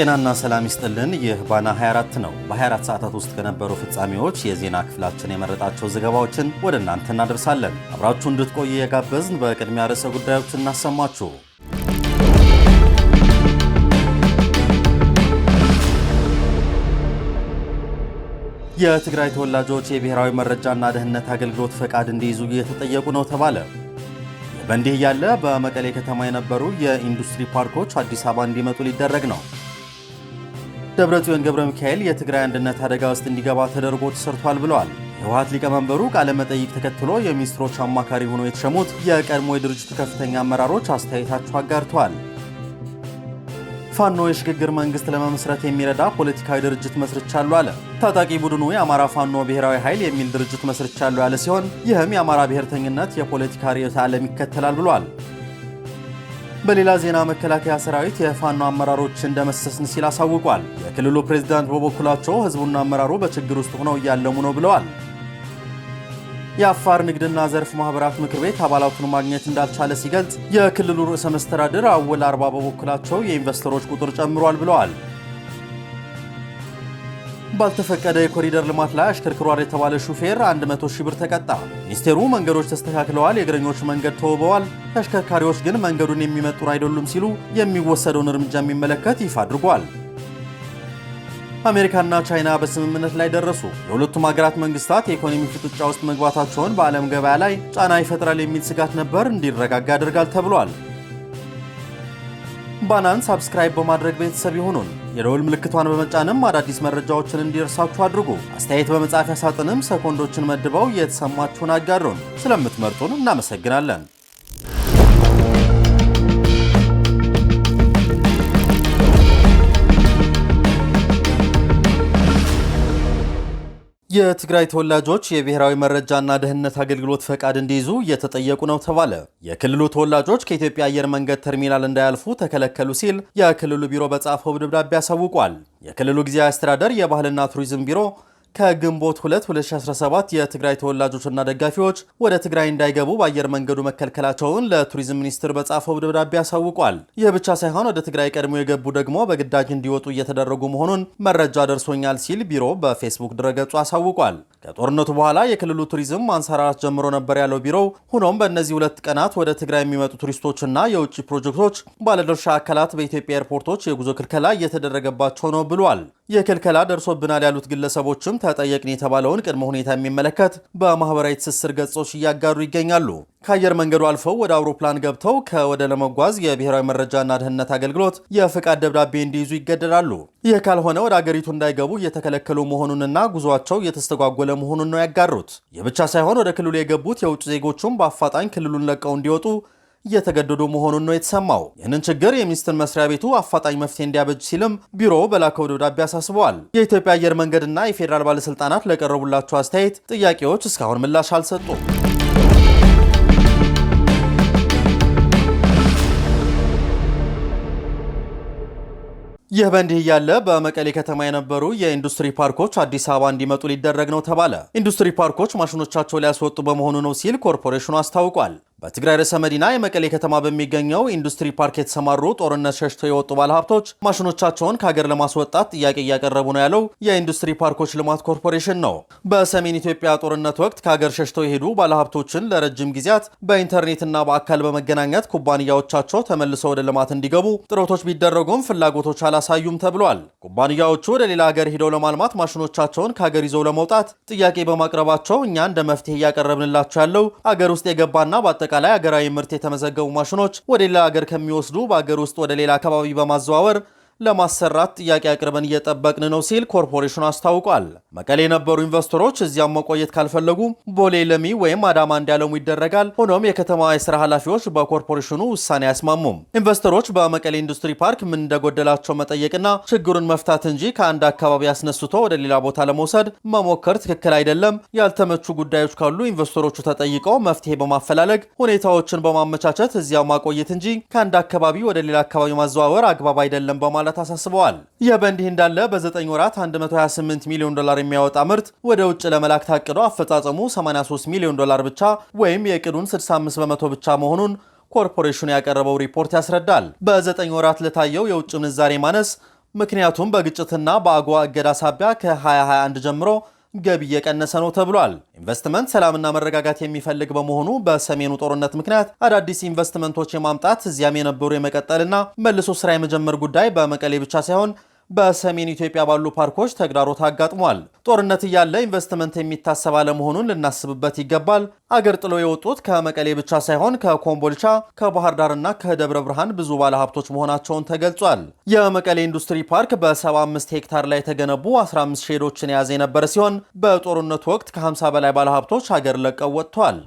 ጤናና ሰላም ይስጥልን። ይህ ባና 24 ነው። በ24 ሰዓታት ውስጥ ከነበሩ ፍጻሜዎች የዜና ክፍላችን የመረጣቸው ዘገባዎችን ወደ እናንተ እናደርሳለን። አብራችሁ እንድትቆዩ የጋበዝን። በቅድሚያ ርዕሰ ጉዳዮች እናሰማችሁ። የትግራይ ተወላጆች የብሔራዊ መረጃና ደህንነት አገልግሎት ፈቃድ እንዲይዙ እየተጠየቁ ነው ተባለ። በእንዲህ እያለ በመቀሌ ከተማ የነበሩ የኢንዱስትሪ ፓርኮች አዲስ አበባ እንዲመጡ ሊደረግ ነው። ደብረጽዮን ገብረ ሚካኤል የትግራይ አንድነት አደጋ ውስጥ እንዲገባ ተደርጎ ተሰርቷል ብለዋል። የህወሓት ሊቀመንበሩ ቃለ መጠይቅ ተከትሎ የሚኒስትሮች አማካሪ ሆነው የተሸሙት የቀድሞ የድርጅቱ ከፍተኛ አመራሮች አስተያየታቸው አጋርተዋል። ፋኖ የሽግግር መንግስት ለመመስረት የሚረዳ ፖለቲካዊ ድርጅት መስርቻለሁ አለ። ታጣቂ ቡድኑ የአማራ ፋኖ ብሔራዊ ኃይል የሚል ድርጅት መስርቻለሁ ያለ ሲሆን ይህም የአማራ ብሔርተኝነት የፖለቲካ ርዕዮተ ዓለም ይከተላል ብሏል። በሌላ ዜና መከላከያ ሰራዊት የፋኖ አመራሮችን እንደመሰስን ሲል አሳውቋል። የክልሉ ፕሬዝዳንት በበኩላቸው ህዝቡና አመራሩ በችግር ውስጥ ሆነው እያለሙ ነው ብለዋል። የአፋር ንግድና ዘርፍ ማህበራት ምክር ቤት አባላቱን ማግኘት እንዳልቻለ ሲገልጽ፣ የክልሉ ርዕሰ መስተዳድር አወል አርባ በበኩላቸው የኢንቨስተሮች ቁጥር ጨምሯል ብለዋል። ባልተፈቀደ የኮሪደር ልማት ላይ አሽከርክሯል የተባለ ሹፌር 100 ሺህ ብር ተቀጣ። ሚኒስቴሩ መንገዶች ተስተካክለዋል፣ የእግረኞች መንገድ ተውበዋል፣ ተሽከርካሪዎች ግን መንገዱን የሚመጡን አይደሉም ሲሉ የሚወሰደውን እርምጃ የሚመለከት ይፋ አድርጓል። አሜሪካና ቻይና በስምምነት ላይ ደረሱ። የሁለቱም ሀገራት መንግስታት የኢኮኖሚ ፍጥጫ ውስጥ መግባታቸውን በዓለም ገበያ ላይ ጫና ይፈጥራል የሚል ስጋት ነበር እንዲረጋጋ ያደርጋል ተብሏል። ባናን ሳብስክራይብ በማድረግ ቤተሰብ ይሁኑን። የደወል ምልክቷን በመጫንም አዳዲስ መረጃዎችን እንዲደርሳችሁ አድርጉ። አስተያየት በመጻፊያ ሳጥንም ሰኮንዶችን መድበው የተሰማችሁን አጋሩን። ስለምትመርጡን እናመሰግናለን። የትግራይ ተወላጆች የብሔራዊ መረጃና ደህንነት አገልግሎት ፈቃድ እንዲይዙ እየተጠየቁ ነው ተባለ። የክልሉ ተወላጆች ከኢትዮጵያ አየር መንገድ ተርሚናል እንዳያልፉ ተከለከሉ ሲል የክልሉ ቢሮ በጻፈው ደብዳቤ አሳውቋል። የክልሉ ጊዜያዊ አስተዳደር የባህልና ቱሪዝም ቢሮ ከግንቦት 2 2017 የትግራይ ተወላጆችና ደጋፊዎች ወደ ትግራይ እንዳይገቡ በአየር መንገዱ መከልከላቸውን ለቱሪዝም ሚኒስትር በጻፈው ደብዳቤ አሳውቋል። ይህ ብቻ ሳይሆን ወደ ትግራይ ቀድሞ የገቡ ደግሞ በግዳጅ እንዲወጡ እየተደረጉ መሆኑን መረጃ ደርሶኛል ሲል ቢሮ በፌስቡክ ድረገጹ አሳውቋል። ከጦርነቱ በኋላ የክልሉ ቱሪዝም ማንሰራራት ጀምሮ ነበር ያለው ቢሮው፣ ሆኖም በእነዚህ ሁለት ቀናት ወደ ትግራይ የሚመጡ ቱሪስቶችና የውጭ ፕሮጀክቶች ባለድርሻ አካላት በኢትዮጵያ ኤርፖርቶች የጉዞ ክልከላ እየተደረገባቸው ነው ብሏል። የክልከላ ደርሶብናል ያሉት ግለሰቦችም ተጠየቅን የተባለውን ቅድመ ሁኔታ የሚመለከት በማህበራዊ ትስስር ገጾች እያጋሩ ይገኛሉ። ከአየር መንገዱ አልፈው ወደ አውሮፕላን ገብተው ከወደ ለመጓዝ የብሔራዊ መረጃና ደህንነት አገልግሎት የፍቃድ ደብዳቤ እንዲይዙ ይገደዳሉ። ይህ ካልሆነ ወደ አገሪቱ እንዳይገቡ እየተከለከሉ መሆኑንና ጉዟቸው እየተስተጓጎለ መሆኑን ነው ያጋሩት። ይህ ብቻ ሳይሆን ወደ ክልሉ የገቡት የውጭ ዜጎቹም በአፋጣኝ ክልሉን ለቀው እንዲወጡ እየተገደዱ መሆኑን ነው የተሰማው። ይህንን ችግር የሚኒስትር መስሪያ ቤቱ አፋጣኝ መፍትሄ እንዲያበጅ ሲልም ቢሮው በላከው ደብዳቤ አሳስበዋል። የኢትዮጵያ አየር መንገድና የፌዴራል ባለስልጣናት ለቀረቡላቸው አስተያየት ጥያቄዎች እስካሁን ምላሽ አልሰጡም። ይህ በእንዲህ እያለ በመቀሌ ከተማ የነበሩ የኢንዱስትሪ ፓርኮች አዲስ አበባ እንዲመጡ ሊደረግ ነው ተባለ። ኢንዱስትሪ ፓርኮች ማሽኖቻቸው ሊያስወጡ በመሆኑ ነው ሲል ኮርፖሬሽኑ አስታውቋል። በትግራይ ርዕሰ መዲና የመቀሌ ከተማ በሚገኘው ኢንዱስትሪ ፓርክ የተሰማሩ ጦርነት ሸሽተው የወጡ ባለሀብቶች ማሽኖቻቸውን ከሀገር ለማስወጣት ጥያቄ እያቀረቡ ነው ያለው የኢንዱስትሪ ፓርኮች ልማት ኮርፖሬሽን ነው። በሰሜን ኢትዮጵያ ጦርነት ወቅት ከሀገር ሸሽተው የሄዱ ባለሀብቶችን ለረጅም ጊዜያት በኢንተርኔትና በአካል በመገናኘት ኩባንያዎቻቸው ተመልሰው ወደ ልማት እንዲገቡ ጥረቶች ቢደረጉም ፍላጎቶች አላሳዩም ተብሏል። ኩባንያዎቹ ወደ ሌላ ሀገር ሄደው ለማልማት ማሽኖቻቸውን ከሀገር ይዘው ለመውጣት ጥያቄ በማቅረባቸው እኛ እንደ መፍትሄ እያቀረብንላቸው ያለው አገር ውስጥ የገባና አጠቃላይ አገራዊ ምርት የተመዘገቡ ማሽኖች ወደ ሌላ ሀገር ከሚወስዱ በሀገር ውስጥ ወደ ሌላ አካባቢ በማዘዋወር ለማሰራት ጥያቄ አቅርበን እየጠበቅን ነው ሲል ኮርፖሬሽኑ አስታውቋል። መቀሌ የነበሩ ኢንቨስተሮች እዚያም መቆየት ካልፈለጉ ቦሌ ለሚ ወይም አዳማ እንዲያለሙ ይደረጋል። ሆኖም የከተማዋ የስራ ኃላፊዎች በኮርፖሬሽኑ ውሳኔ አያስማሙም። ኢንቨስተሮች በመቀሌ ኢንዱስትሪ ፓርክ ምን እንደጎደላቸው መጠየቅና ችግሩን መፍታት እንጂ ከአንድ አካባቢ አስነስቶ ወደ ሌላ ቦታ ለመውሰድ መሞከር ትክክል አይደለም። ያልተመቹ ጉዳዮች ካሉ ኢንቨስተሮቹ ተጠይቀው መፍትሄ በማፈላለግ ሁኔታዎችን በማመቻቸት እዚያው ማቆየት እንጂ ከአንድ አካባቢ ወደ ሌላ አካባቢ ማዘዋወር አግባብ አይደለም በማለት በማለት አሳስበዋል። ይህ በእንዲህ እንዳለ በ9 ወራት 128 ሚሊዮን ዶላር የሚያወጣ ምርት ወደ ውጭ ለመላክ ታቅዶ አፈጻጸሙ 83 ሚሊዮን ዶላር ብቻ ወይም የቅዱን 65 በመቶ ብቻ መሆኑን ኮርፖሬሽኑ ያቀረበው ሪፖርት ያስረዳል። በ9 ወራት ለታየው የውጭ ምንዛሬ ማነስ ምክንያቱም በግጭትና በአጎዋ እገዳ ሳቢያ ከ2021 ጀምሮ ገቢ እየቀነሰ ነው ተብሏል። ኢንቨስትመንት ሰላምና መረጋጋት የሚፈልግ በመሆኑ በሰሜኑ ጦርነት ምክንያት አዳዲስ ኢንቨስትመንቶች የማምጣት እዚያም የነበሩ የመቀጠልና መልሶ ስራ የመጀመር ጉዳይ በመቀሌ ብቻ ሳይሆን በሰሜን ኢትዮጵያ ባሉ ፓርኮች ተግዳሮት አጋጥሟል። ጦርነት እያለ ኢንቨስትመንት የሚታሰብ አለመሆኑን ልናስብበት ይገባል። አገር ጥለው የወጡት ከመቀሌ ብቻ ሳይሆን ከኮምቦልቻ፣ ከባህር ዳርና ከደብረ ብርሃን ብዙ ባለሀብቶች መሆናቸውን ተገልጿል። የመቀሌ ኢንዱስትሪ ፓርክ በ75 ሄክታር ላይ የተገነቡ 15 ሼዶችን የያዘ የነበረ ሲሆን በጦርነቱ ወቅት ከ50 በላይ ባለሀብቶች አገር ለቀው ወጥቷል።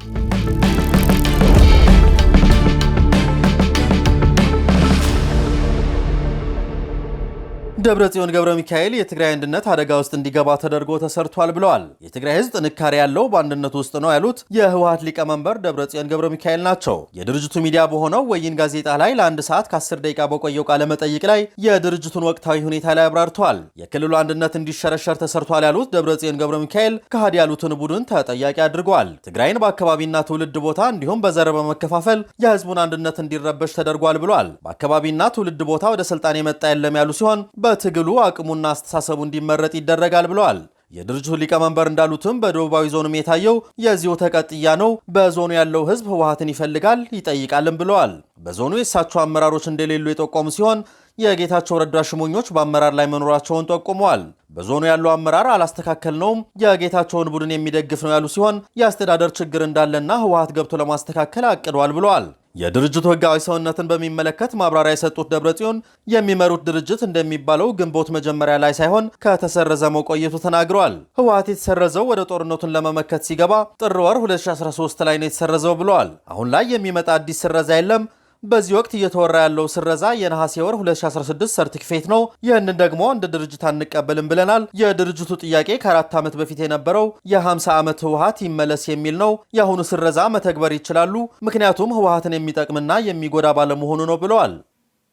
ደብረ ጽዮን ገብረ ሚካኤል የትግራይ አንድነት አደጋ ውስጥ እንዲገባ ተደርጎ ተሰርቷል ብለዋል። የትግራይ ህዝብ ጥንካሬ ያለው በአንድነት ውስጥ ነው ያሉት የህወሀት ሊቀመንበር ደብረ ጽዮን ገብረ ሚካኤል ናቸው። የድርጅቱ ሚዲያ በሆነው ወይን ጋዜጣ ላይ ለአንድ ሰዓት ከ10 ደቂቃ በቆየው ቃለ መጠይቅ ላይ የድርጅቱን ወቅታዊ ሁኔታ ላይ አብራርተዋል። የክልሉ አንድነት እንዲሸረሸር ተሰርቷል ያሉት ደብረ ጽዮን ገብረ ሚካኤል ከሃዲ ያሉትን ቡድን ተጠያቂ አድርገዋል። ትግራይን በአካባቢና ትውልድ ቦታ እንዲሁም በዘር በመከፋፈል የህዝቡን አንድነት እንዲረበሽ ተደርጓል ብሏል። በአካባቢና ትውልድ ቦታ ወደ ስልጣን የመጣ የለም ያሉ ሲሆን በትግሉ አቅሙና አስተሳሰቡ እንዲመረጥ ይደረጋል ብለዋል። የድርጅቱ ሊቀመንበር እንዳሉትም በደቡባዊ ዞንም የታየው የዚሁ ተቀጥያ ነው። በዞኑ ያለው ሕዝብ ህወሀትን ይፈልጋል ይጠይቃልም ብለዋል። በዞኑ የእሳቸው አመራሮች እንደሌሉ የጠቆሙ ሲሆን የጌታቸው ረዳ ሽሞኞች በአመራር ላይ መኖራቸውን ጠቁመዋል። በዞኑ ያለው አመራር አላስተካከል ነውም። የጌታቸውን ቡድን የሚደግፍ ነው ያሉ ሲሆን የአስተዳደር ችግር እንዳለና ህወሀት ገብቶ ለማስተካከል አቅዷል ብለዋል። የድርጅቱ ህጋዊ ሰውነትን በሚመለከት ማብራሪያ የሰጡት ደብረ ጽዮን የሚመሩት ድርጅት እንደሚባለው ግንቦት መጀመሪያ ላይ ሳይሆን ከተሰረዘ መቆየቱ ተናግረዋል። ህወሀት የተሰረዘው ወደ ጦርነቱን ለመመከት ሲገባ ጥር ወር 2013 ላይ ነው የተሰረዘው ብለዋል። አሁን ላይ የሚመጣ አዲስ ስረዛ የለም በዚህ ወቅት እየተወራ ያለው ስረዛ የነሐሴ ወር 2016 ሰርቲፊኬት ነው። ይህንን ደግሞ እንደ ድርጅት አንቀበልም ብለናል። የድርጅቱ ጥያቄ ከአራት ዓመት በፊት የነበረው የ50 ዓመት ህወሀት ይመለስ የሚል ነው። የአሁኑ ስረዛ መተግበር ይችላሉ፣ ምክንያቱም ህወሀትን የሚጠቅምና የሚጎዳ ባለመሆኑ ነው ብለዋል።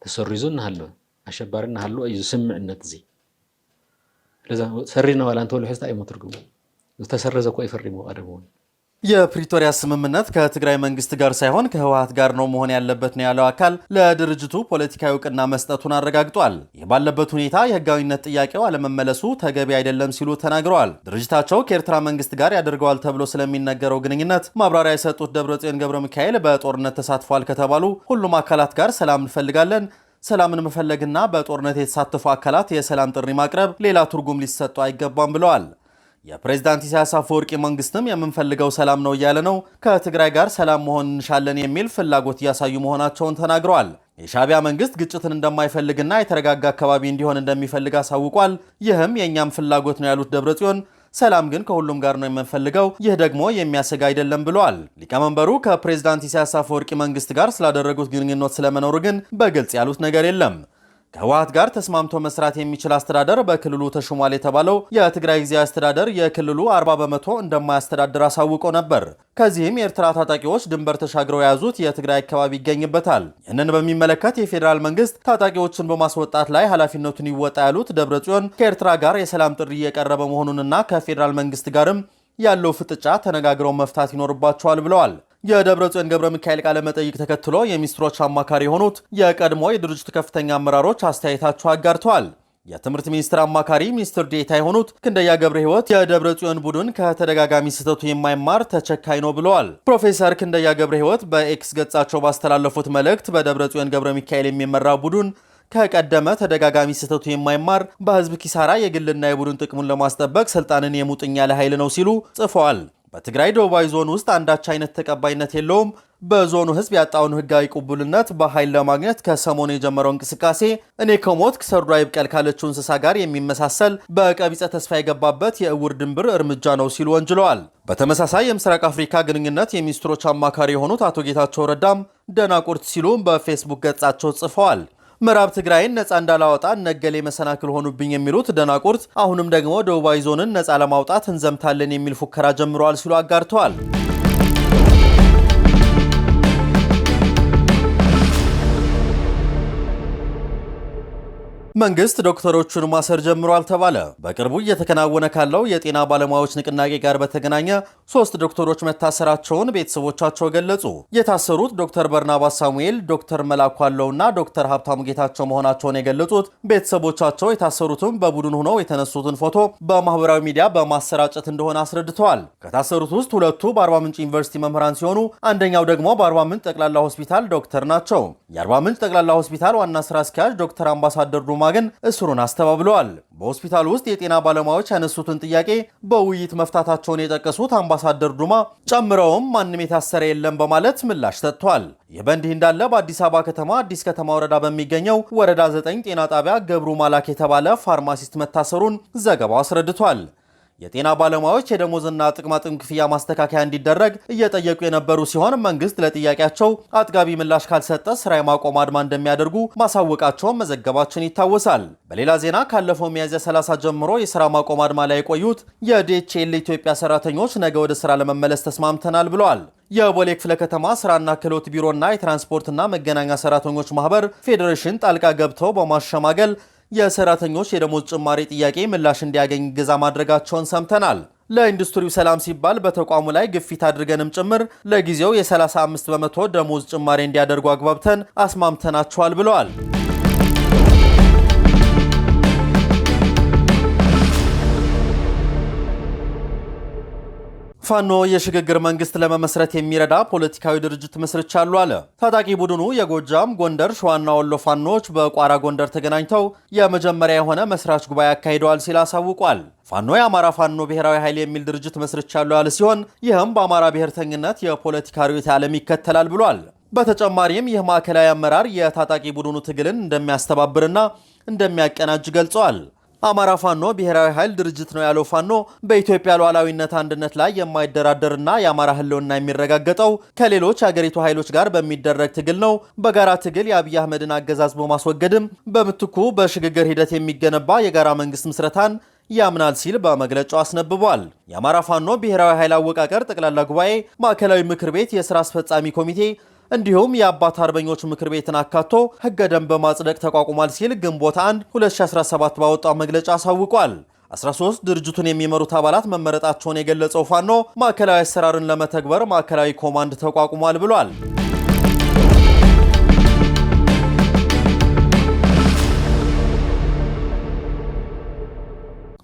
ተሰሪዞ እናሃለ አሸባሪ እናሃለ እዩ ስምዕነት እዚ ሰሪና ዋላ እንተወልሒዝታ እዩ መትርጉሙ ዝተሰረዘ ኮ ይፈሪሙ ቀደም የፕሪቶሪያ ስምምነት ከትግራይ መንግስት ጋር ሳይሆን ከህወሀት ጋር ነው መሆን ያለበት ነው ያለው አካል ለድርጅቱ ፖለቲካዊ እውቅና መስጠቱን አረጋግጧል። ይህ ባለበት ሁኔታ የህጋዊነት ጥያቄው አለመመለሱ ተገቢ አይደለም ሲሉ ተናግረዋል። ድርጅታቸው ከኤርትራ መንግስት ጋር ያደርገዋል ተብሎ ስለሚነገረው ግንኙነት ማብራሪያ የሰጡት ደብረጽዮን ገብረ ሚካኤል በጦርነት ተሳትፏል ከተባሉ ሁሉም አካላት ጋር ሰላም እንፈልጋለን ሰላምን መፈለግና በጦርነት የተሳተፉ አካላት የሰላም ጥሪ ማቅረብ ሌላ ትርጉም ሊሰጡ አይገባም ብለዋል። የፕሬዝዳንት ኢሳያስ አፈወርቂ መንግስትም የምንፈልገው ሰላም ነው እያለ ነው። ከትግራይ ጋር ሰላም መሆን እንሻለን የሚል ፍላጎት እያሳዩ መሆናቸውን ተናግረዋል። የሻቢያ መንግስት ግጭትን እንደማይፈልግና የተረጋጋ አካባቢ እንዲሆን እንደሚፈልግ አሳውቋል። ይህም የእኛም ፍላጎት ነው ያሉት ደብረጽዮን ሰላም ግን ከሁሉም ጋር ነው የምንፈልገው፣ ይህ ደግሞ የሚያሰጋ አይደለም ብለዋል። ሊቀመንበሩ ከፕሬዝዳንት ኢሳያስ አፈወርቂ መንግስት ጋር ስላደረጉት ግንኙነት ስለመኖሩ ግን በግልጽ ያሉት ነገር የለም። ከህወሀት ጋር ተስማምቶ መስራት የሚችል አስተዳደር በክልሉ ተሹሟል የተባለው የትግራይ ጊዜ አስተዳደር የክልሉ 40 በመቶ እንደማያስተዳድር አሳውቆ ነበር። ከዚህም የኤርትራ ታጣቂዎች ድንበር ተሻግረው የያዙት የትግራይ አካባቢ ይገኝበታል። ይህንን በሚመለከት የፌዴራል መንግስት ታጣቂዎችን በማስወጣት ላይ ኃላፊነቱን ይወጣ ያሉት ደብረ ጽዮን ከኤርትራ ጋር የሰላም ጥሪ እየቀረበ መሆኑንና ከፌዴራል መንግስት ጋርም ያለው ፍጥጫ ተነጋግረው መፍታት ይኖርባቸዋል ብለዋል። የደብረጽዮን ገብረ ሚካኤል ቃለ መጠይቅ ተከትሎ የሚኒስትሮች አማካሪ የሆኑት የቀድሞ የድርጅቱ ከፍተኛ አመራሮች አስተያየታቸው አጋርተዋል። የትምህርት ሚኒስትር አማካሪ ሚኒስትር ዴታ የሆኑት ክንደያ ገብረ ህይወት የደብረ ጽዮን ቡድን ከተደጋጋሚ ስህተቱ የማይማር ተቸካይ ነው ብለዋል። ፕሮፌሰር ክንደያ ገብረ ህይወት በኤክስ ገጻቸው ባስተላለፉት መልእክት በደብረ ጽዮን ገብረ ሚካኤል የሚመራው ቡድን ከቀደመ ተደጋጋሚ ስህተቱ የማይማር በህዝብ ኪሳራ የግልና የቡድን ጥቅሙን ለማስጠበቅ ስልጣንን የሙጥኝ ያለ ኃይል ነው ሲሉ ጽፈዋል። በትግራይ ደቡባዊ ዞን ውስጥ አንዳች አይነት ተቀባይነት የለውም። በዞኑ ህዝብ ያጣውን ህጋዊ ቅቡልነት በኃይል ለማግኘት ከሰሞኑ የጀመረው እንቅስቃሴ እኔ ከሞት ክሰርዱ አይብቀል ካለችው እንስሳ ጋር የሚመሳሰል በቀቢፀ ተስፋ የገባበት የእውር ድንብር እርምጃ ነው ሲሉ ወንጅለዋል። በተመሳሳይ የምስራቅ አፍሪካ ግንኙነት የሚኒስትሮች አማካሪ የሆኑት አቶ ጌታቸው ረዳም ደናቁርት ሲሉ በፌስቡክ ገጻቸው ጽፈዋል። ምዕራብ ትግራይን ነፃ እንዳላወጣ ነገሌ መሰናክል ሆኑብኝ የሚሉት ደናቁርት አሁንም ደግሞ ደቡባዊ ዞንን ነፃ ለማውጣት እንዘምታለን የሚል ፉከራ ጀምረዋል ሲሉ አጋርተዋል። መንግስት ዶክተሮቹን ማሰር ጀምሯል ተባለ። በቅርቡ እየተከናወነ ካለው የጤና ባለሙያዎች ንቅናቄ ጋር በተገናኘ ሶስት ዶክተሮች መታሰራቸውን ቤተሰቦቻቸው ገለጹ። የታሰሩት ዶክተር በርናባስ ሳሙኤል፣ ዶክተር መላኩ አለውና ዶክተር ሀብታሙ ጌታቸው መሆናቸውን የገለጹት ቤተሰቦቻቸው የታሰሩትም በቡድን ሆነው የተነሱትን ፎቶ በማህበራዊ ሚዲያ በማሰራጨት እንደሆነ አስረድተዋል። ከታሰሩት ውስጥ ሁለቱ በአርባ ምንጭ ዩኒቨርሲቲ መምህራን ሲሆኑ አንደኛው ደግሞ በአርባ ምንጭ ጠቅላላ ሆስፒታል ዶክተር ናቸው። የአርባ ምንጭ ጠቅላላ ሆስፒታል ዋና ስራ አስኪያጅ ዶክተር አምባሳደር ዱማ ግን እስሩን አስተባብለዋል። በሆስፒታል ውስጥ የጤና ባለሙያዎች ያነሱትን ጥያቄ በውይይት መፍታታቸውን የጠቀሱት አምባሳደር ዱማ ጨምረውም ማንም የታሰረ የለም በማለት ምላሽ ሰጥቷል። ይህ በእንዲህ እንዳለ በአዲስ አበባ ከተማ አዲስ ከተማ ወረዳ በሚገኘው ወረዳ 9 ጤና ጣቢያ ገብሩ ማላክ የተባለ ፋርማሲስት መታሰሩን ዘገባው አስረድቷል። የጤና ባለሙያዎች የደሞዝና ጥቅማጥቅም ክፍያ ማስተካከያ እንዲደረግ እየጠየቁ የነበሩ ሲሆን መንግስት ለጥያቄያቸው አጥጋቢ ምላሽ ካልሰጠ ስራ የማቆም አድማ እንደሚያደርጉ ማሳወቃቸውን መዘገባችን ይታወሳል። በሌላ ዜና ካለፈው ሚያዝያ 30 ጀምሮ የስራ ማቆም አድማ ላይ የቆዩት የዲኤችኤል ኢትዮጵያ ሰራተኞች ነገ ወደ ስራ ለመመለስ ተስማምተናል ብለዋል። የቦሌ ክፍለ ከተማ ስራና ክህሎት ቢሮና የትራንስፖርትና መገናኛ ሰራተኞች ማህበር ፌዴሬሽን ጣልቃ ገብተው በማሸማገል የሰራተኞች የደሞዝ ጭማሪ ጥያቄ ምላሽ እንዲያገኝ ግዛ ማድረጋቸውን ሰምተናል። ለኢንዱስትሪው ሰላም ሲባል በተቋሙ ላይ ግፊት አድርገንም ጭምር ለጊዜው የ35 በመቶ ደሞዝ ጭማሪ እንዲያደርጉ አግባብተን አስማምተናቸዋል ብለዋል። ፋኖ የሽግግር መንግስት ለመመስረት የሚረዳ ፖለቲካዊ ድርጅት መስርቻሉ አለ። ታጣቂ ቡድኑ የጎጃም ጎንደር፣ ሸዋና ወሎ ፋኖዎች በቋራ ጎንደር ተገናኝተው የመጀመሪያ የሆነ መስራች ጉባኤ አካሂደዋል ሲል አሳውቋል። ፋኖ የአማራ ፋኖ ብሔራዊ ኃይል የሚል ድርጅት መስርቻሉ ያለ ሲሆን ይህም በአማራ ብሔርተኝነት የፖለቲካ ርዕዮተ ዓለም ይከተላል ብሏል። በተጨማሪም ይህ ማዕከላዊ አመራር የታጣቂ ቡድኑ ትግልን እንደሚያስተባብርና እንደሚያቀናጅ ገልጸዋል። አማራ ፋኖ ብሔራዊ ኃይል ድርጅት ነው ያለው ፋኖ በኢትዮጵያ ሉዓላዊነት አንድነት ላይ የማይደራደርና የአማራ ህልውና የሚረጋገጠው ከሌሎች አገሪቱ ኃይሎች ጋር በሚደረግ ትግል ነው። በጋራ ትግል የአብይ አህመድን አገዛዝ በማስወገድም በምትኩ በሽግግር ሂደት የሚገነባ የጋራ መንግስት ምስረታን ያምናል ሲል በመግለጫው አስነብቧል። የአማራ ፋኖ ብሔራዊ ኃይል አወቃቀር ጠቅላላ ጉባኤ ማዕከላዊ ምክር ቤት የስራ አስፈጻሚ ኮሚቴ እንዲሁም የአባት አርበኞች ምክር ቤትን አካቶ ህገ ደንብ በማጽደቅ ተቋቁሟል ሲል ግንቦት 1 2017 ባወጣው መግለጫ አሳውቋል። 13 ድርጅቱን የሚመሩት አባላት መመረጣቸውን የገለጸው ፋኖ ማዕከላዊ አሰራርን ለመተግበር ማዕከላዊ ኮማንድ ተቋቁሟል ብሏል።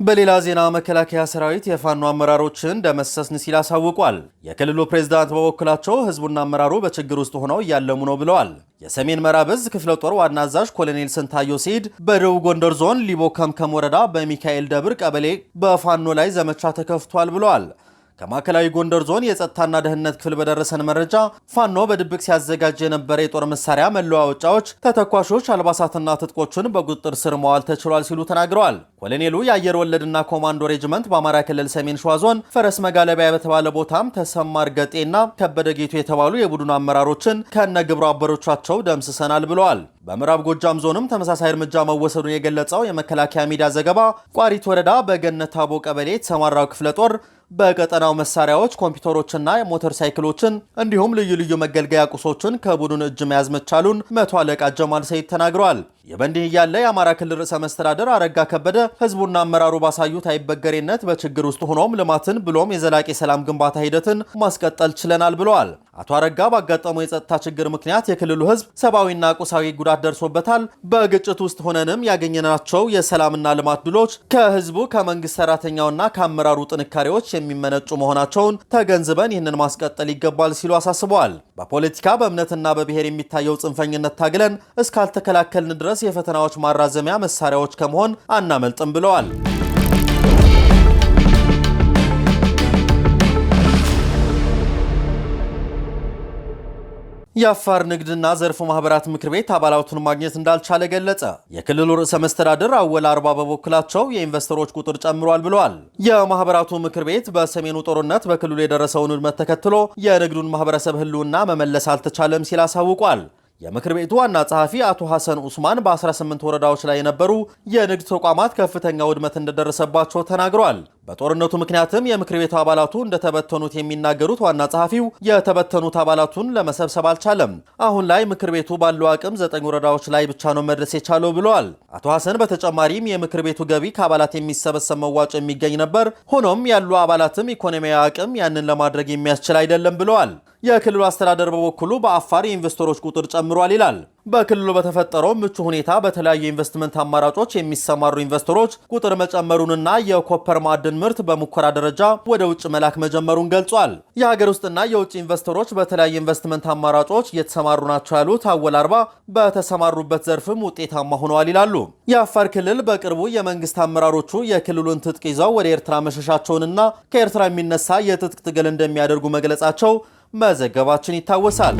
በሌላ ዜና መከላከያ ሰራዊት የፋኖ አመራሮችን ደመሰስን ሲል አሳውቋል። የክልሉ ፕሬዝዳንት በበኩላቸው ህዝቡና አመራሩ በችግር ውስጥ ሆነው እያለሙ ነው ብለዋል። የሰሜን ምዕራብ ክፍለ ጦር ዋና አዛዥ ኮሎኔል ስንታዮ ሲድ በደቡብ ጎንደር ዞን ሊቦ ከምከም ወረዳ በሚካኤል ደብር ቀበሌ በፋኖ ላይ ዘመቻ ተከፍቷል ብለዋል። ከማዕከላዊ ጎንደር ዞን የጸጥታና ደህንነት ክፍል በደረሰን መረጃ ፋኖ በድብቅ ሲያዘጋጅ የነበረ የጦር መሳሪያ መለዋወጫዎች፣ ተተኳሾች፣ አልባሳትና ትጥቆቹን በቁጥጥር ስር መዋል ተችሏል ሲሉ ተናግረዋል። ኮሎኔሉ የአየር ወለድና ኮማንዶ ሬጅመንት በአማራ ክልል ሰሜን ሸዋ ዞን ፈረስ መጋለቢያ በተባለ ቦታም ተሰማር ገጤና ከበደ ጌቱ የተባሉ የቡድኑ አመራሮችን ከነ ግብረ አበሮቻቸው ደምስሰናል ብለዋል። በምዕራብ ጎጃም ዞንም ተመሳሳይ እርምጃ መወሰዱን የገለጸው የመከላከያ ሚዲያ ዘገባ ቋሪት ወረዳ በገነት ታቦ ቀበሌ የተሰማራው ክፍለ ጦር በቀጠናው መሳሪያዎች፣ ኮምፒውተሮችና ሞተር ሳይክሎችን እንዲሁም ልዩ ልዩ መገልገያ ቁሶችን ከቡድን እጅ መያዝ መቻሉን መቶ አለቃ ጀማል ሰይድ ተናግረዋል። ይህ በእንዲህ እያለ የአማራ ክልል ርዕሰ መስተዳደር አረጋ ከበደ ህዝቡና አመራሩ ባሳዩት አይበገሬነት በችግር ውስጥ ሆኖም ልማትን ብሎም የዘላቂ ሰላም ግንባታ ሂደትን ማስቀጠል ችለናል ብለዋል። አቶ አረጋ ባጋጠመው የጸጥታ ችግር ምክንያት የክልሉ ሕዝብ ሰብአዊና ቁሳዊ ጉዳት ደርሶበታል። በግጭት ውስጥ ሆነንም ያገኘናቸው የሰላምና ልማት ድሎች ከህዝቡ ከመንግስት ሰራተኛውና ከአመራሩ ጥንካሬዎች የሚመነጩ መሆናቸውን ተገንዝበን ይህንን ማስቀጠል ይገባል ሲሉ አሳስበዋል። በፖለቲካ በእምነትና በብሔር የሚታየው ጽንፈኝነት ታግለን እስካልተከላከልን ድረስ የፈተናዎች ማራዘሚያ መሳሪያዎች ከመሆን አናመልጥም ብለዋል። የአፋር ንግድና ዘርፉ ማህበራት ምክር ቤት አባላቱን ማግኘት እንዳልቻለ ገለጸ። የክልሉ ርዕሰ መስተዳድር አወል አርባ በበኩላቸው የኢንቨስተሮች ቁጥር ጨምሯል ብለዋል። የማህበራቱ ምክር ቤት በሰሜኑ ጦርነት በክልሉ የደረሰውን ውድመት ተከትሎ የንግዱን ማህበረሰብ ህልውና መመለስ አልተቻለም ሲል አሳውቋል። የምክር ቤቱ ዋና ጸሐፊ አቶ ሐሰን ኡስማን በ18 ወረዳዎች ላይ የነበሩ የንግድ ተቋማት ከፍተኛ ውድመት እንደደረሰባቸው ተናግረዋል። በጦርነቱ ምክንያትም የምክር ቤቱ አባላቱ እንደተበተኑት የሚናገሩት ዋና ጸሐፊው የተበተኑት አባላቱን ለመሰብሰብ አልቻለም። አሁን ላይ ምክር ቤቱ ባለው አቅም ዘጠኝ ወረዳዎች ላይ ብቻ ነው መድረስ የቻለው ብለዋል። አቶ ሐሰን በተጨማሪም የምክር ቤቱ ገቢ ከአባላት የሚሰበሰብ መዋጮ የሚገኝ ነበር። ሆኖም ያሉ አባላትም ኢኮኖሚያዊ አቅም ያንን ለማድረግ የሚያስችል አይደለም ብለዋል። የክልሉ አስተዳደር በበኩሉ በአፋር የኢንቨስተሮች ቁጥር ጨምሯል ይላል። በክልሉ በተፈጠረው ምቹ ሁኔታ በተለያዩ የኢንቨስትመንት አማራጮች የሚሰማሩ ኢንቨስተሮች ቁጥር መጨመሩንና የኮፐር ማዕድን ምርት በሙከራ ደረጃ ወደ ውጭ መላክ መጀመሩን ገልጿል። የሀገር ውስጥና የውጭ ኢንቨስተሮች በተለያዩ ኢንቨስትመንት አማራጮች እየተሰማሩ ናቸው ያሉት አወል አርባ በተሰማሩበት ዘርፍም ውጤታማ ሆነዋል ይላሉ። የአፋር ክልል በቅርቡ የመንግስት አመራሮቹ የክልሉን ትጥቅ ይዘው ወደ ኤርትራ መሸሻቸውንና ከኤርትራ የሚነሳ የትጥቅ ትግል እንደሚያደርጉ መግለጻቸው መዘገባችን ይታወሳል።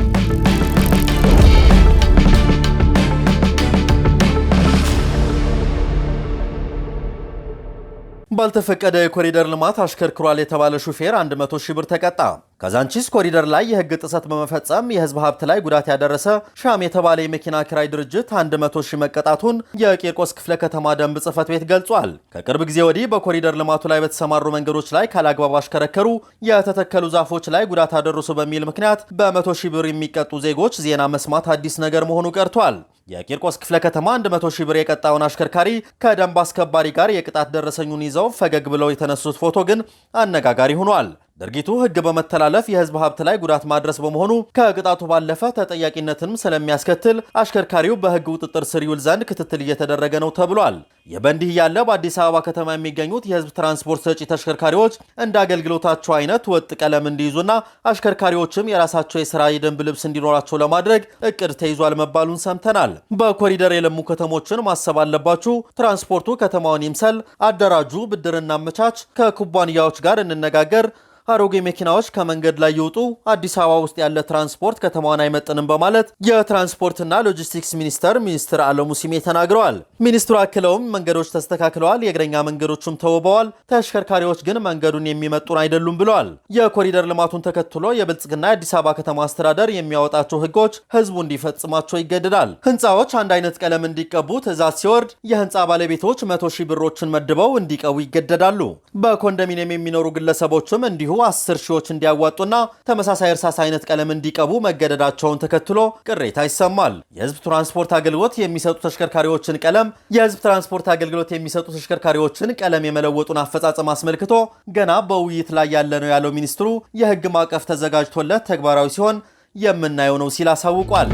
ባልተፈቀደ የኮሪደር ልማት አሽከርክሯል የተባለ ሹፌር 100 ሺህ ብር ተቀጣ። ካዛንቺስ ኮሪደር ላይ የህግ ጥሰት በመፈጸም የህዝብ ሀብት ላይ ጉዳት ያደረሰ ሻም የተባለ የመኪና ኪራይ ድርጅት 100 ሺህ መቀጣቱን የቂርቆስ ክፍለ ከተማ ደንብ ጽህፈት ቤት ገልጿል። ከቅርብ ጊዜ ወዲህ በኮሪደር ልማቱ ላይ በተሰማሩ መንገዶች ላይ ካላግባብ አሽከረከሩ፣ የተተከሉ ዛፎች ላይ ጉዳት አደረሱ በሚል ምክንያት በመቶ ሺህ ብር የሚቀጡ ዜጎች ዜና መስማት አዲስ ነገር መሆኑ ቀርቷል። የቂርቆስ ክፍለ ከተማ 100 ሺህ ብር የቀጣውን አሽከርካሪ ከደንብ አስከባሪ ጋር የቅጣት ደረሰኙን ይዘው ፈገግ ብለው የተነሱት ፎቶ ግን አነጋጋሪ ሆኗል። ድርጊቱ ሕግ በመተላለፍ የህዝብ ሀብት ላይ ጉዳት ማድረስ በመሆኑ ከቅጣቱ ባለፈ ተጠያቂነትንም ስለሚያስከትል አሽከርካሪው በህግ ቁጥጥር ስር ይውል ዘንድ ክትትል እየተደረገ ነው ተብሏል። ይህ በእንዲህ ያለ በአዲስ አበባ ከተማ የሚገኙት የህዝብ ትራንስፖርት ሰጪ ተሽከርካሪዎች እንደ አገልግሎታቸው አይነት ወጥ ቀለም እንዲይዙና አሽከርካሪዎችም የራሳቸው የስራ የደንብ ልብስ እንዲኖራቸው ለማድረግ እቅድ ተይዟል መባሉን ሰምተናል። በኮሪደር የለሙ ከተሞችን ማሰብ አለባችሁ፣ ትራንስፖርቱ ከተማውን ይምሰል፣ አደራጁ፣ ብድርና መቻች ከኩባንያዎች ጋር እንነጋገር አሮጌ መኪናዎች ከመንገድ ላይ ይውጡ፣ አዲስ አበባ ውስጥ ያለ ትራንስፖርት ከተማዋን አይመጥንም በማለት የትራንስፖርትና ሎጂስቲክስ ሚኒስተር ሚኒስትር አለሙ ሲሜ ተናግረዋል። ሚኒስትሩ አክለውም መንገዶች ተስተካክለዋል፣ የእግረኛ መንገዶችም ተውበዋል፣ ተሽከርካሪዎች ግን መንገዱን የሚመጡን አይደሉም ብለዋል። የኮሪደር ልማቱን ተከትሎ የብልጽግና የአዲስ አበባ ከተማ አስተዳደር የሚያወጣቸው ህጎች ህዝቡ እንዲፈጽማቸው ይገደዳል። ህንፃዎች አንድ አይነት ቀለም እንዲቀቡ ትዕዛዝ ሲወርድ የህንፃ ባለቤቶች መቶ ሺህ ብሮችን መድበው እንዲቀቡ ይገደዳሉ። በኮንዶሚኒየም የሚኖሩ ግለሰቦችም እንዲሁ እንዲሁ አስር ሺዎች እንዲያዋጡና ተመሳሳይ እርሳስ አይነት ቀለም እንዲቀቡ መገደዳቸውን ተከትሎ ቅሬታ ይሰማል። የህዝብ ትራንስፖርት አገልግሎት የሚሰጡ ተሽከርካሪዎችን ቀለም የህዝብ ትራንስፖርት አገልግሎት የሚሰጡ ተሽከርካሪዎችን ቀለም የመለወጡን አፈጻጸም አስመልክቶ ገና በውይይት ላይ ያለ ነው ያለው ሚኒስትሩ የህግ ማዕቀፍ ተዘጋጅቶለት ተግባራዊ ሲሆን የምናየው ነው ሲል አሳውቋል።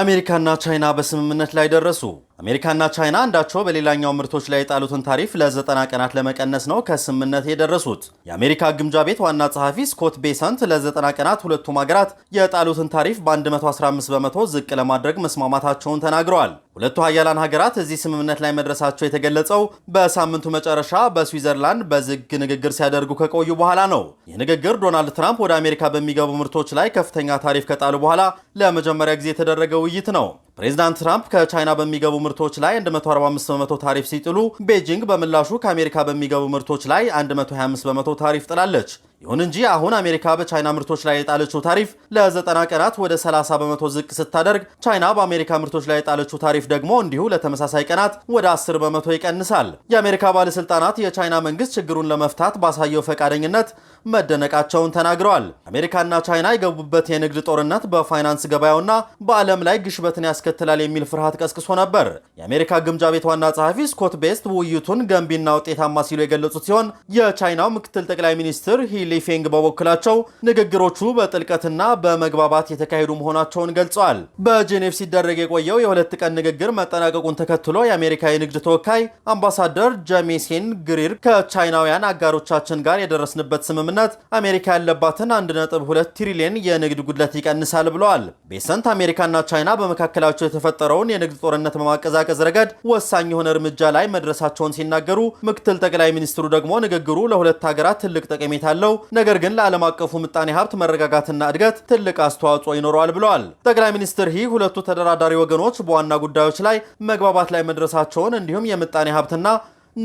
አሜሪካና ቻይና በስምምነት ላይ ደረሱ። አሜሪካና ቻይና አንዳቸው በሌላኛው ምርቶች ላይ የጣሉትን ታሪፍ ለ ቀናት ለመቀነስ ነው ከስምምነት የደረሱት። የአሜሪካ ግምጃ ቤት ዋና ጸሐፊ ስኮት ቤሰንት ለ ቀናት ሁለቱም ሀገራት የጣሉትን ታሪፍ በ115 በመቶ ዝቅ ለማድረግ መስማማታቸውን ተናግረዋል። ሁለቱ ሀያላን ሀገራት እዚህ ስምምነት ላይ መድረሳቸው የተገለጸው በሳምንቱ መጨረሻ በስዊዘርላንድ በዝግ ንግግር ሲያደርጉ ከቆዩ በኋላ ነው። ይህ ንግግር ዶናልድ ትራምፕ ወደ አሜሪካ በሚገቡ ምርቶች ላይ ከፍተኛ ታሪፍ ከጣሉ በኋላ ለመጀመሪያ ጊዜ የተደረገ ውይይት ነው። ፕሬዚዳንት ትራምፕ ከቻይና በሚገቡ ምርቶች ላይ 145 በመቶ ታሪፍ ሲጥሉ ቤጂንግ በምላሹ ከአሜሪካ በሚገቡ ምርቶች ላይ 125 በመቶ ታሪፍ ጥላለች። ይሁን እንጂ አሁን አሜሪካ በቻይና ምርቶች ላይ የጣለችው ታሪፍ ለ90 ቀናት ወደ 30 በመቶ ዝቅ ስታደርግ ቻይና በአሜሪካ ምርቶች ላይ የጣለችው ታሪፍ ደግሞ እንዲሁ ለተመሳሳይ ቀናት ወደ 10 በመቶ ይቀንሳል። የአሜሪካ ባለስልጣናት የቻይና መንግስት ችግሩን ለመፍታት ባሳየው ፈቃደኝነት መደነቃቸውን ተናግረዋል። አሜሪካና ቻይና የገቡበት የንግድ ጦርነት በፋይናንስ ገበያውና በዓለም ላይ ግሽበትን ያስከትላል የሚል ፍርሃት ቀስቅሶ ነበር። የአሜሪካ ግምጃ ቤት ዋና ጸሐፊ ስኮት ቤስት ውይይቱን ገንቢና ውጤታማ ሲሉ የገለጹት ሲሆን የቻይናው ምክትል ጠቅላይ ሚኒስትር ሂሊፌንግ በበኩላቸው ንግግሮቹ በጥልቀትና በመግባባት የተካሄዱ መሆናቸውን ገልጸዋል። በጄኔቭ ሲደረግ የቆየው የሁለት ቀን ንግግር መጠናቀቁን ተከትሎ የአሜሪካ የንግድ ተወካይ አምባሳደር ጀሜሴን ግሪር ከቻይናውያን አጋሮቻችን ጋር የደረስንበት ስምምነት አልባነት አሜሪካ ያለባትን 1.2 ትሪሊየን የንግድ ጉድለት ይቀንሳል ብለዋል። ቤሰንት አሜሪካና ቻይና በመካከላቸው የተፈጠረውን የንግድ ጦርነት በማቀዛቀዝ ረገድ ወሳኝ የሆነ እርምጃ ላይ መድረሳቸውን ሲናገሩ፣ ምክትል ጠቅላይ ሚኒስትሩ ደግሞ ንግግሩ ለሁለት ሀገራት ትልቅ ጠቀሜታ አለው፣ ነገር ግን ለዓለም አቀፉ ምጣኔ ሀብት መረጋጋትና እድገት ትልቅ አስተዋጽኦ ይኖረዋል ብለዋል። ጠቅላይ ሚኒስትር ሂ ሁለቱ ተደራዳሪ ወገኖች በዋና ጉዳዮች ላይ መግባባት ላይ መድረሳቸውን እንዲሁም የምጣኔ ሀብትና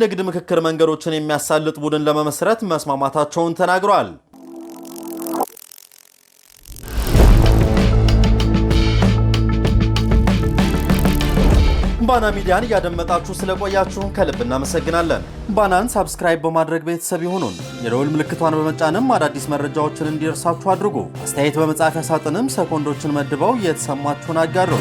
ንግድ ምክክር መንገዶችን የሚያሳልጥ ቡድን ለመመስረት መስማማታቸውን ተናግረዋል። ባና ሚዲያን እያደመጣችሁ ስለቆያችሁን ከልብ እናመሰግናለን። ባናን ሳብስክራይብ በማድረግ ቤተሰብ ይሁኑን። የደወል ምልክቷን በመጫንም አዳዲስ መረጃዎችን እንዲደርሳችሁ አድርጉ። አስተያየት በመጻፊያ ሳጥንም ሰኮንዶችን መድበው የተሰማችሁን አጋሩ።